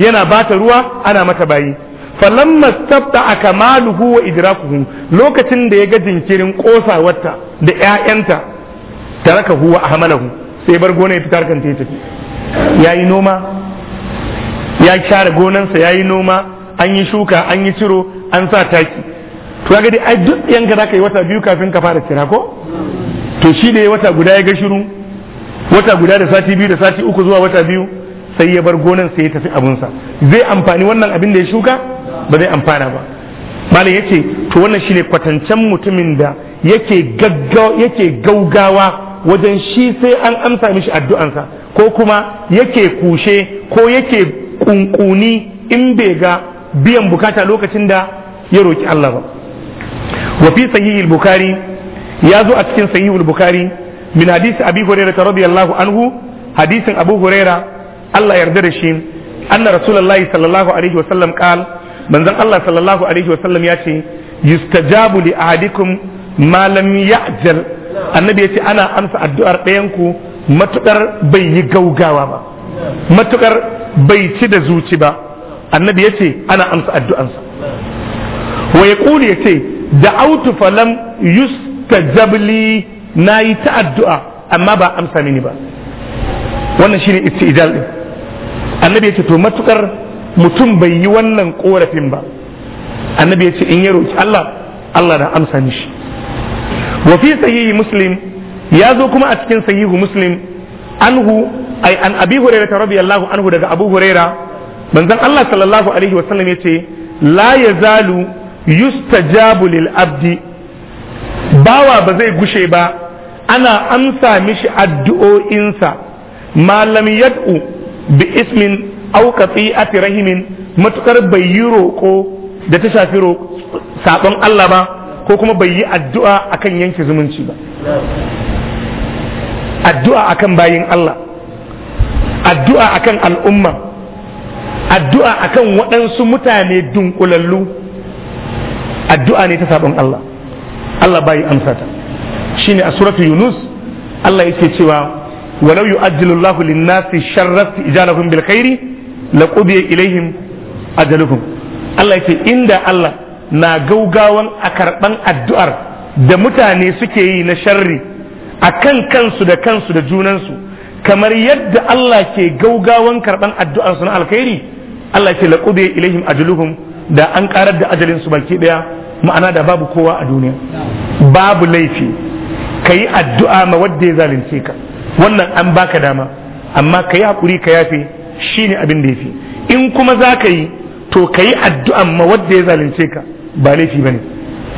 yana bata ruwa ana mata bayi falamma tabta akamaluhu wa idrakuhu lokacin da ya ga jinkirin kosawarta da ƴaƴanta taraka huwa ahmalahu sai bar gonar ya fitar kan tafi yayi noma ya share gonansa yayi noma an yi shuka an yi ciro an sa taki to ga dai ai duk yanka zaka yi wata biyu kafin ka fara kira ko to shi da wata guda ya ga shiru wata guda da sati biyu da sati uku zuwa wata biyu sai ya bar gonan sai ya tafi abunsa zai amfani wannan abin da ya shuka ba zai amfana ba malam yace to wannan shine kwatancen mutumin da yake gaggawa yake gaugawa wajen shi sai an amsa mishi addu'ansa ko kuma yake kushe ko yake kunkuni in bai ga biyan bukata lokacin da ya roki Allah ba wa fi al-bukhari ya zo a cikin sahih al-bukhari min hadith abi hurairah radiyallahu anhu hadisin abu hurairah Allah yarda da shi anna rasulullahi sallallahu alaihi wa sallam qal manzon Allah sallallahu alaihi wa sallam ya ce yustajabu li ahadikum ma lam ya'jal annabi ya ce ana amsa addu'ar ɗayan ku matukar bai yi gaugawa ba matukar bai ci da zuci ba annabi ya ce ana amsa addu'ansa wa ya ya ce Da Autu falam yustajab li nayi ta addu'a amma ba amsa mini ba wannan shine istijal din annabi yace to matukar mutum bai yi wannan korafin ba annabi yace in ya roki Allah Allah na amsa mishi wa fi sahihi muslim ya zo kuma a cikin sahihu muslim anhu ai an abi hurairah radiyallahu anhu daga abu hurairah manzon Allah sallallahu alaihi wasallam yace la yazalu yustajabu lil abdi bawa ba zai gushe ba ana amsa mishi addu'o'insa malam yad'u bi ismin aw qati'ati rahimin matukar bai yi da ta shafi sabon Allah ba ko kuma bai yi addu'a akan yanke zumunci ba addu'a akan bayin Allah addu'a akan al'umma addu'a akan waɗansu mutane dunkulallu addu'a ne ta sabon Allah Allah bai amsa ta shine a suratul yunus Allah yake cewa walau yu'ajjilu Allahu lin-nasi sharra ijalahum bil khairi laqudiya ilaihim ajaluhum Allah yake inda Allah na gaugawan a karɓan addu'ar da mutane suke yi na sharri a kan kansu da kansu da junansu kamar yadda Allah ke gaugawan karban addu'arsu na alkhairi Allah ke laqudiya ilaihim ajaluhum da an ƙarar da ajalinsu baki ɗaya. ma'ana da babu kowa a duniya babu laifi ka yi addu'a ma wadda ya zalunce ka wannan an baka dama amma ka yi haƙuri ka yafe shi ne abin da ya fi in kuma za ka yi to ka yi addu'an ma wadda ya zalunce ka ba laifi ba ne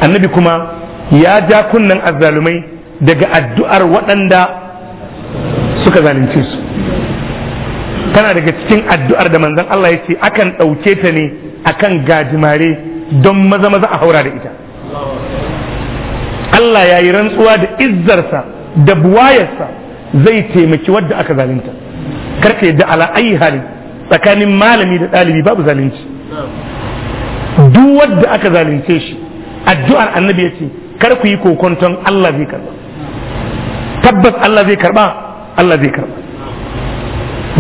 annabi kuma ya ja kunnan azzalumai daga addu'ar waɗanda suka zalunce su tana daga cikin addu'ar da manzon Allah ya ce akan ɗauke ta ne akan gajimare don maza maza a haura da ita Allah ya yi rantsuwa da izzarsa da buwayarsa zai taimaki wadda aka zalunta karka yadda ala ayi hali tsakanin malami da ɗalibi babu zalunci duk wadda aka zalunce shi addu'ar annabi ya ce kar ku yi kokonton Allah zai karba tabbas Allah zai karba Allah zai karba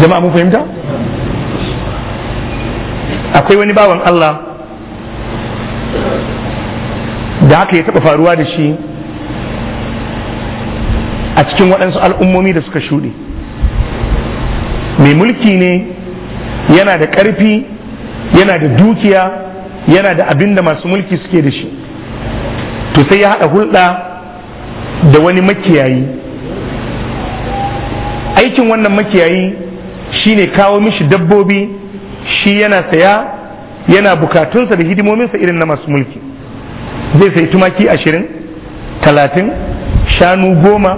jama'a mun fahimta akwai wani bawan Allah da haka ya taɓa faruwa da shi a cikin waɗansu al'ummomi da suka shuɗe mai mulki ne yana da ƙarfi yana da dukiya yana da abin da masu mulki suke da shi to sai ya haɗa hulɗa da wani makiyayi aikin wannan makiyayi shi ne kawo mishi dabbobi shi yana saya yana bukatunsa da hidimominsa irin na masu mulki zai sai tumaki ashirin talatin shanu goma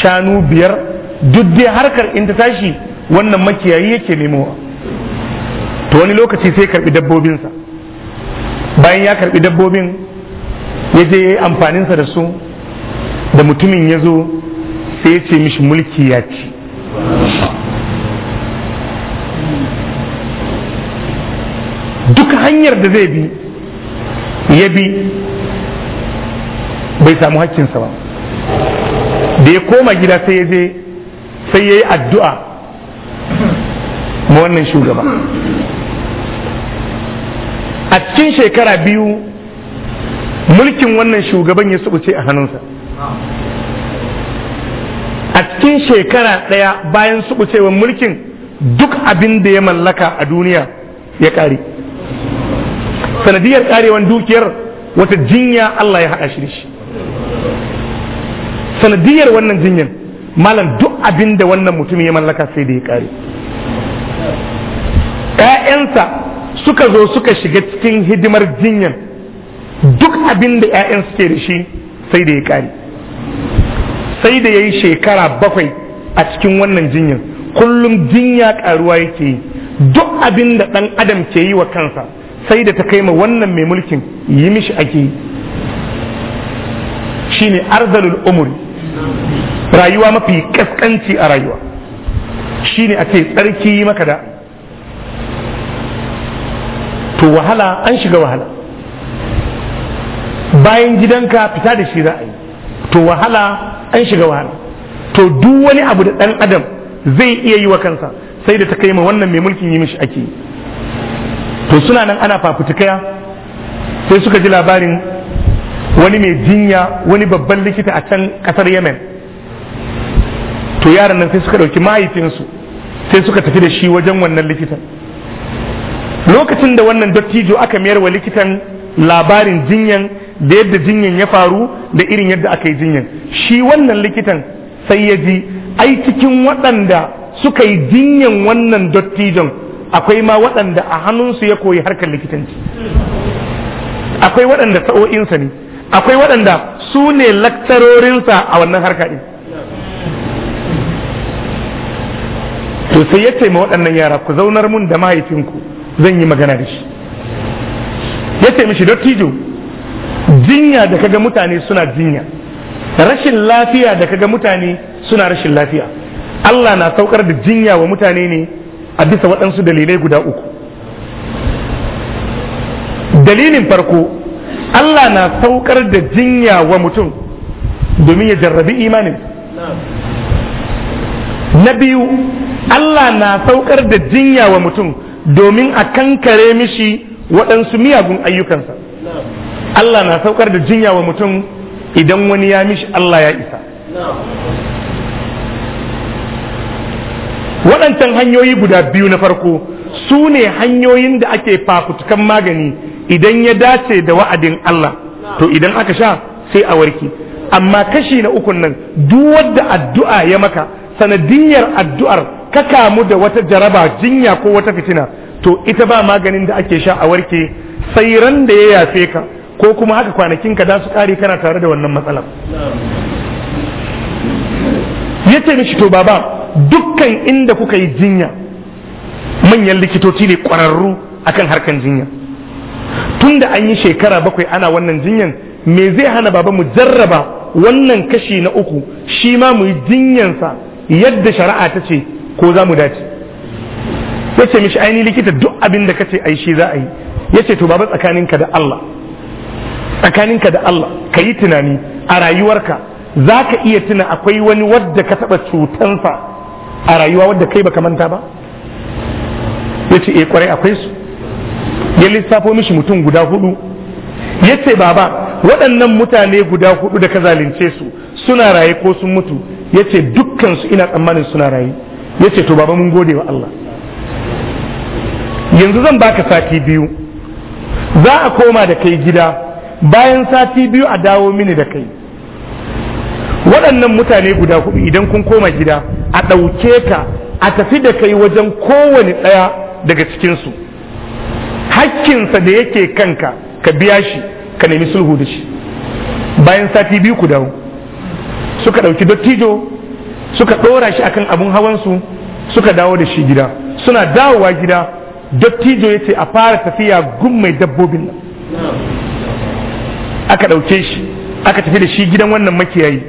shanu biyar duk dai harkar in ta tashi wannan makiyayi yake nemowa to wani lokaci sai karbi dabbobinsa bayan ya karbi dabbobin ya je amfaninsa da su da mutumin ya zo sai ya ce mishi mulki ya ci duk hanyar da zai bi ya bi bai samu hakkinsa ba da ya koma gida sai ya je sai ya yi addu'a ma wannan shugaba a cikin shekara biyu mulkin wannan shugaban ya subuce a hannunsa a cikin shekara ɗaya bayan wa mulkin duk abin da ya mallaka a duniya ya ƙare sanadiyar ƙarewan dukiyar wata jinya Allah ya haɗa shi da shi sanadiyar wannan jinyan malam duk abin da wannan mutum ya mallaka sai da ya kare ‘ya'yansa suka zo suka shiga cikin hidimar jinyan duk abin da ‘ya'yan suke da shi sai da ya kare sai da ya yi shekara bakwai a cikin wannan jinyan kullum jinya karuwa yake yi duk abin da ɗan adam ke yi wa kansa sai da ta kai ma wannan mai mulkin yi mishi ake yi shine arzalul umuri rayuwa mafi kaskanci a rayuwa shine a ce tsarki maka da to wahala an shiga wahala bayan gidanka fita da shi za yi to wahala an shiga wahala to duk wani abu da ɗan adam zai iya yi wa kansa sai da ta kai ma wannan mai mulkin yi mishi ake to suna nan ana fafutukaya sai suka ji labarin wani mai jinya wani babban likita a can kasar yemen to yaran nan sai suka ɗauki mahaifinsu sai suka tafi da shi wajen wannan likitan lokacin da wannan dattijo aka mayar wa likitan labarin jinyan da yadda jinyan ya faru da irin yadda aka yi jinyan shi wannan likitan sai ya ji ai cikin waɗanda suka yi jinyan wannan dattijon akwai ma waɗanda a hannunsu ya koyi harkar likitanci akwai waɗanda sa'o'insa ne akwai waɗanda su ne laktarorinsa a wannan harka ɗin to sai ya ce ma waɗannan yara ku zaunar mun da mahaifinku zan yi magana da shi ya ce mishi dattijo jinya da kaga mutane suna jinya rashin lafiya da kaga mutane suna rashin lafiya Allah na saukar da jinya wa mutane ne a bisa waɗansu dalilai guda uku dalilin farko Allah na saukar da jinya wa mutum domin ya jarrabi imanin na biyu Allah na saukar da jinya wa mutum domin a kankare mishi waɗansu miyagun ayyukansa Allah na saukar da jinya wa mutum idan wani ya mishi Allah ya isa waɗancan hanyoyi guda biyu na farko su ne hanyoyin da ake fafutukan magani idan ya dace da wa'adin Allah to idan aka sha sai a warke amma kashi na ukun nan duk wadda addu'a ya maka sanadiyar addu'ar ka kamu da wata jaraba jinya ko wata fitina to ita ba maganin da ake sha a warke sai ran da ya yafe ka ko kuma haka kwanakin ka da su kare kana tare da wannan matsala. Yace mishi to baba dukkan inda kuka yi jinya manyan likitoci ne kwararru akan harkan jinya tun da an yi shekara bakwai ana wannan jinyan me zai hana baba mu jarraba wannan kashi na uku shi ma mu yi jinyansa yadda shari'a ta ce ko za mu dace ya ce mishi aini likita duk abin da ka ce ai shi za a yi ya ce to baba tsakaninka da Allah tsakaninka da Allah ka yi tunani a rayuwarka za ka iya tuna akwai wani wadda ka taɓa cutansa a rayuwa wadda kai baka manta ba ya ce e eh, kwarai akwai su ya lissafo mishi mutum guda hudu ya ce baba waɗannan mutane guda hudu da ka zalunce su suna raye ko sun mutu ya ce dukkansu ina tsammanin suna raye ya ce to baba mun gode wa Allah yanzu zan baka sati biyu za a koma da kai gida bayan sati biyu a dawo mini da kai waɗannan mutane guda hudu idan kun koma gida a ɗauke ka a tafi da kai wajen kowane ɗaya daga cikinsu hakkinsa da yake kanka ka biya shi ka nemi sulhu da shi bayan sati biyu ku dawo suka ɗauki dattijo suka ɗora shi akan abun su suka dawo da shi gida suna dawowa gida dattijo ya ce a fara tafiya gun mai dabbobin nan aka ɗauke shi aka tafi da shi gidan wannan makiyayi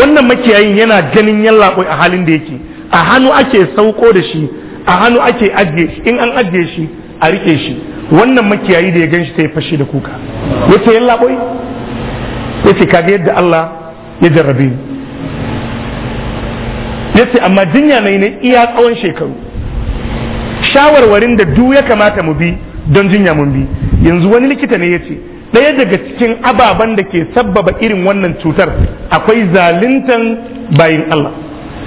wannan makiyayin yana ganin yallaɓoi a halin da yake a hannu ake sauko da shi a hannu ake ajiye shi in an ajiye shi a rike shi wannan makiyayi da ya gan shi yi fashe da kuka Ya yace yalla ya ce kaga yadda Allah ya jarrabe ni ce amma jinya na yi na iya tsawon shekaru shawarwarin da duk ya kamata mu bi don jinya mun bi yanzu wani likita ne ya ce. ɗaya daga cikin ababen da ke sabbaba irin wannan cutar akwai zaluntan bayin Allah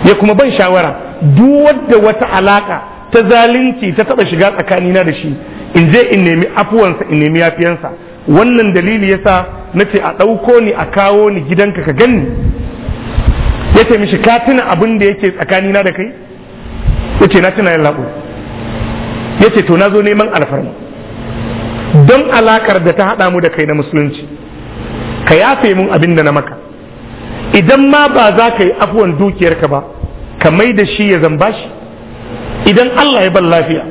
ya kuma ban shawara duk wadda wata alaka ta zalunci ta taba shiga tsakanina da shi in je in nemi afuwansa in nemi yafiyansa wannan dalili yasa nace a ɗauko ni a kawo ni gidanka ka ganni yace mishi ka tuna abin da yake tsakanina da kai yace na tuna yallabo yace to nazo neman alfarma don alakar da ta haɗa mu da kai na musulunci ka yafe mun abin da na maka idan ma ba za ka yi afuwan dukiyarka ba ka mai da shi ya zamba shi idan Allah ya ban lafiya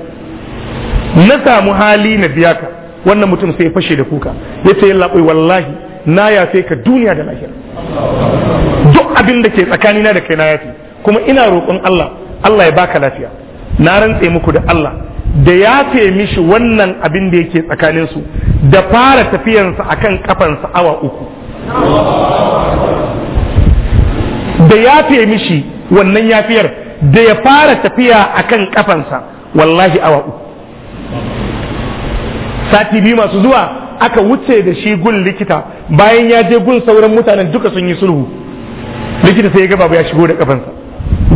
na samu hali na biya ka wannan mutum sai ya fashe da kuka ya ce yalla wallahi na yafe ka duniya da lahira duk abin da ke tsakanina da kai na yafe kuma ina roƙon Allah Allah ya baka lafiya na rantse muku da Allah da ya yafe mishi wannan abin da yake tsakanin su da fara tafiyansa akan kafansa awa uku da ya yafe mishi wannan yafiyar da ya fara tafiya a kan kafansa wallahi awa uku sati biyu masu zuwa aka wuce da shi gun likita bayan ya je gun sauran mutanen duka sun yi sulhu likita sai ya ga baba ya shigo da kafansa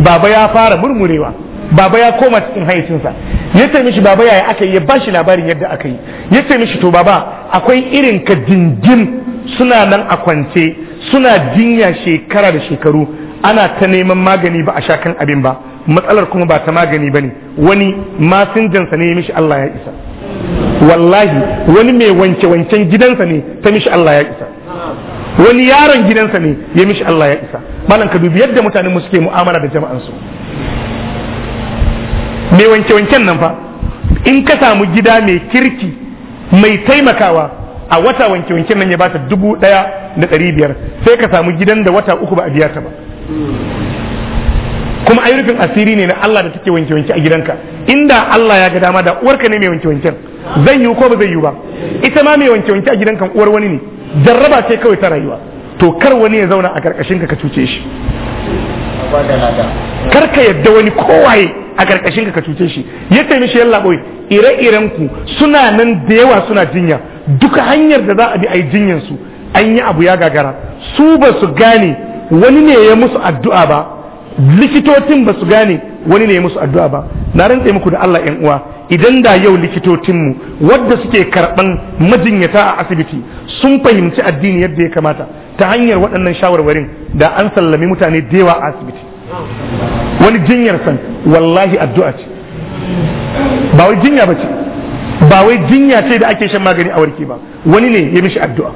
baba ya fara murmurewa baba ya koma cikin haicinsa ya ce mishi baba yaya aka yi ya bashi labarin yadda aka yi ya ce mishi to baba akwai irin ka dingin suna nan a kwance suna jinya shekara da shekaru ana ta neman magani ba a sha kan abin ba matsalar kuma ba ta magani ba ne wani masinjansa ne ya mishi Allah ya isa wallahi wani mai wanke-wancen gidansa ne ta mishi Allah ya isa wani yaron gidansa ne ya mishi Allah ya isa malam ka dubi yadda mutane mu suke mu'amala da jama'ansu mai wanke-wancen nan fa in ka samu gida mai kirki mai taimakawa a wata wanke-wancen nan ya bata dubu ɗaya da ɗari biyar sai ka samu gidan da wata uku ba a biya ta ba kuma ai rufin asiri ne na Allah da take wanke wanke a gidanka inda Allah ya ga dama da uwarka ne mai wanke wanke Zan yi ko ba zai yi ba ita ma mai wanke wanke a gidanka uwar wani ne jarraba ce kawai ta rayuwa to kar wani ya zauna a karkashin ka ka cuce shi kar ka yadda wani kowaye a karkashin ka ka cuce shi ya ce mishi yalla boy ire-iren ku suna nan da yawa suna jinya duka hanyar da za a bi ayi jinyan su an yi abu ya gagara su ba su gane wani ne ya musu addu'a ba likitocin ba su gane wani ne ya musu addu'a ba na rantse muku da Allah ƴan uwa idan da yau likitocinmu wadda suke karɓan majinyata a asibiti sun fahimci addini yadda ya kamata ta hanyar waɗannan shawarwarin da an sallami mutane da yawa a asibiti wani jinyar san wallahi addu'a ce ba wai jinya ba ce ba wai jinya ce da ake shan magani a warke ba wani ne ya mishi addu'a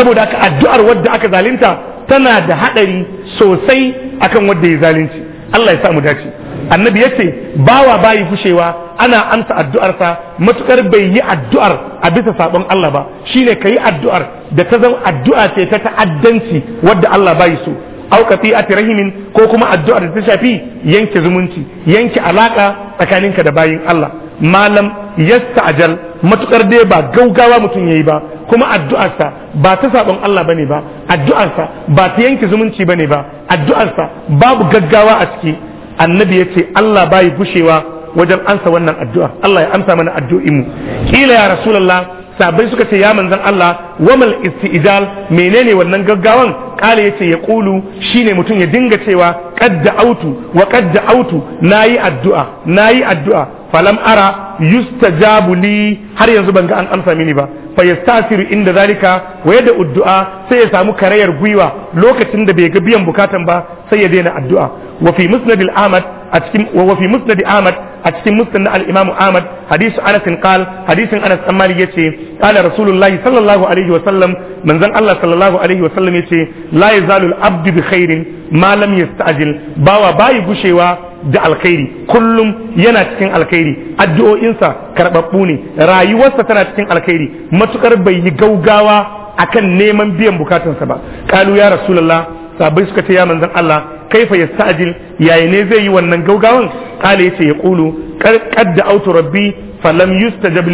saboda haka addu'ar wadda aka zalunta tana da haɗari sosai akan wadda ya zalunci Allah ya sa mu dace annabi yace bawa bayi fushewa ana amsa addu'arsa matukar bai yi addu'ar a bisa sabon Allah ba shine kayi addu'ar da ta zama addu'a ce ta ta'addanci wadda Allah bai so au ati rahimin ko kuma addu'ar da ta shafi yanke zumunci yanke alaka tsakaninka da bayin Allah malam yasta jal matukar dai ba gaugawa mutum yayi ba kuma addu'arsa ba ta sabon Allah bane ba addu'arsa ba ta yanke zumunci bane ba addu'arsa babu gaggawa a ciki annabi yace Allah bai gushewa wajen ansa wannan addu'a Allah ya amsa mana addu'in mu kila ya rasulullah sabai suka ce ya manzan Allah wamal isti'jal menene wannan gaggawan ya yace ya kulu shine mutum ya dinga cewa qadda autu wa qadda autu nayi addu'a nayi addu'a falam ara yustajabu li har yanzu ban ga an amsa mini ba fa yastasiru inda zalika wa yada addu'a sai ya samu karayar gwiwa lokacin da bai ga biyan bukatan ba sai ya daina addu'a wa fi musnad ahmad a cikin wa fi musnad ahmad a cikin musnad al-imam ahmad hadisu anas qal hadisin anas dan malik yace qala rasulullahi sallallahu alaihi wa sallam manzon allah sallallahu alaihi wa sallam yace layi zalul al-abdu bi khairin ma lam yasta'jil bawa bayi gushewa da alkhairi kullum yana cikin alkhairi addu'o'insa karɓaɓɓu ne rayuwarsa tana cikin alkhairi matukar bai yi gaugawa akan neman biyan bukatansa ba kalu ya rasulullah sabai suka ce ya manzon Allah kaifa yasta'jil yayi ne zai yi wannan gaugawan kale yace ya qulu qad da'awtu rabbi falam yustajab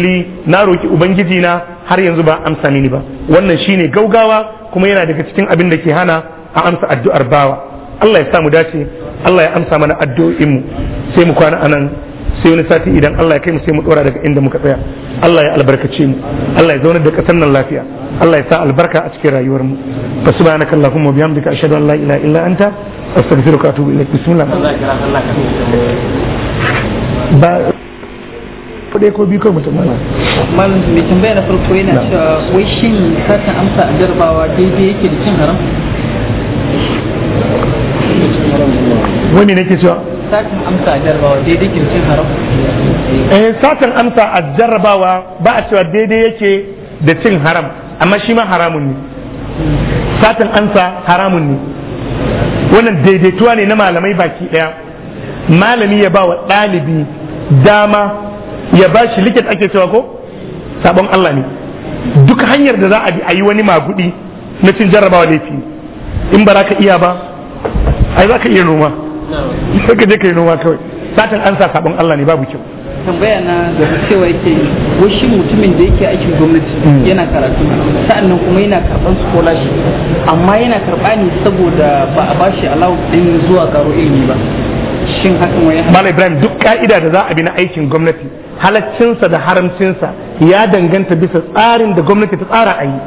na roki ubangiji na har yanzu ba amsa mini ba wannan shine gaugawa kuma yana daga cikin abin da ke hana a amsa addu'ar bawa Allah ya sa mu dace Allah ya amsa mana addu'o'in mu sai mu kwana anan sai wani sati idan Allah ya kai mu sai mu dora daga inda muka tsaya Allah ya albarkace mu Allah ya zauna da kasar nan lafiya Allah ya sa albarka a cikin rayuwar mu fa subhanaka allahumma bihamdika ashhadu an la ilaha illa anta astaghfiruka wa atubu ilaik bismillah ba kudai ko biyu mutum mana. Malam mai tambaya na farko yana cewa wai shin satin amsa a jarabawa daidai yake da cin haram? Wani nake cewa satin amsa a jarrabawa daidai eh, a jarrabawa ba a cewa daidai yake da cin haram amma shi ma haramun ne satin amsa haramun ne wannan daidaituwa ne na malamai baki daya malami ya ba wa ɗalibi dama ya ba shi likit ake cewa ko sabon Allah ne duk hanyar da za a bi a yi wani magudi na cin jarrabawa laifi in ba za ka iya ba ai za ka iya noma sai ka je ka yi noma kawai satan an sa sabon Allah ne babu kyau tambaya na da cewa yake washi mutumin da yake aikin gwamnati hmm. yana karatu sa'annan kuma yana karban scholarship amma yana karba ne saboda ba a bashi allowance din zuwa karo ilimi ba shin hakan wai Malam Ibrahim duk ka'ida da za a bi na aikin gwamnati halaccinsa da haramcinsa ya danganta bisa tsarin da gwamnati ta tsara a yi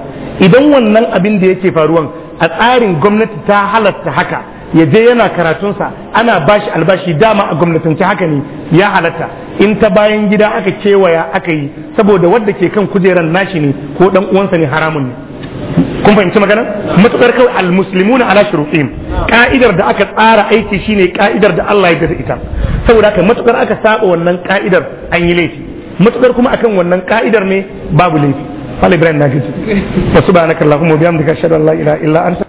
idan wannan abin da yake faruwan a tsarin gwamnati ta halatta haka ya je yana karatunsa ana bashi albashi dama a gwamnatance haka ne ya halatta in ta bayan gida aka kewaya aka yi saboda wadda ke kan kujeran nashi ne ko dan uwansa ne haramun ne kun fahimci magana matukar kawai almuslimuna ala shuruqim ka'idar da aka tsara aiki shine ka'idar da Allah ya da ita saboda haka matukar aka saba wannan ka'idar an yi laifi matukar kuma akan wannan ka'idar ne babu laifi Ibrahim na gaji. Wasu ba na mu biyan da ka illa an